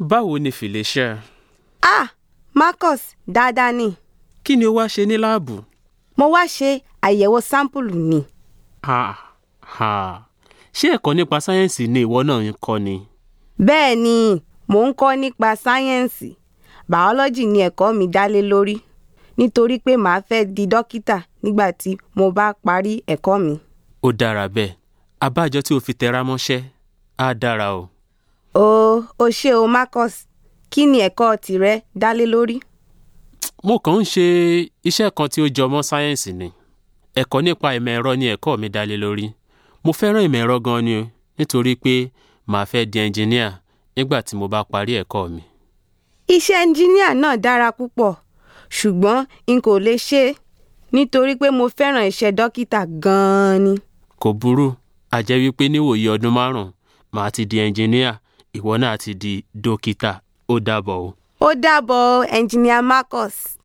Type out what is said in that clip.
Báwo ni Felicia? Ah! Marcus, dáadáa ni. Kí ni o wá ṣe ní láàbù? Mo wá ṣe àyẹ̀wò sámpùlù ni. Ah! Ah! Ṣé ẹ̀kọ́ nípa sáyẹ́ǹsì ni ìwọ náà ń kọ́ ni? Bẹ́ẹ̀ ni, mò ń kọ́ nípa sáyẹ́ǹsì. Bàọ́lọ́jì ni ẹ̀kọ́ mi dá lé lórí nítorí pé màá fẹ́ di dókítà nígbà tí mo bá parí ẹ̀kọ́ mi. Ó dára bẹ́ẹ̀. Àbájọ tí o fi tẹra mọ́ṣẹ́ á dára o. O ò ṣe o Marcus, kí ni ẹ̀kọ́ tìrẹ dá lé lórí? Mo kàn ń ṣe iṣẹ́ kan tí ó jọ mọ́ sáyẹ́ǹsì ni. Ẹ̀kọ́ nípa ìmọ̀ ẹ̀rọ ni ẹ̀kọ́ mi dá lé lórí. Mo fẹ́ràn ìmọ̀ ẹ̀rọ gan ni nítorí pé màá fẹ́ di ẹnjiníà nígbà tí mo bá parí ẹ̀kọ́ mi. Iṣẹ́ ẹnjiníà náà dára púpọ̀ ṣùgbọ́n n kò lè ṣe é nítorí pé mo fẹ́ràn iṣẹ́ dókítà gan-an ni. Kò burú, àjẹ́ wípé níwòyí ọdún márùn-ún, màá ti di ẹnjiníà ìwọ náà ti di dókítà ó dàbọ̀ o. ó dàbọ̀ ẹnjiníà Marcus.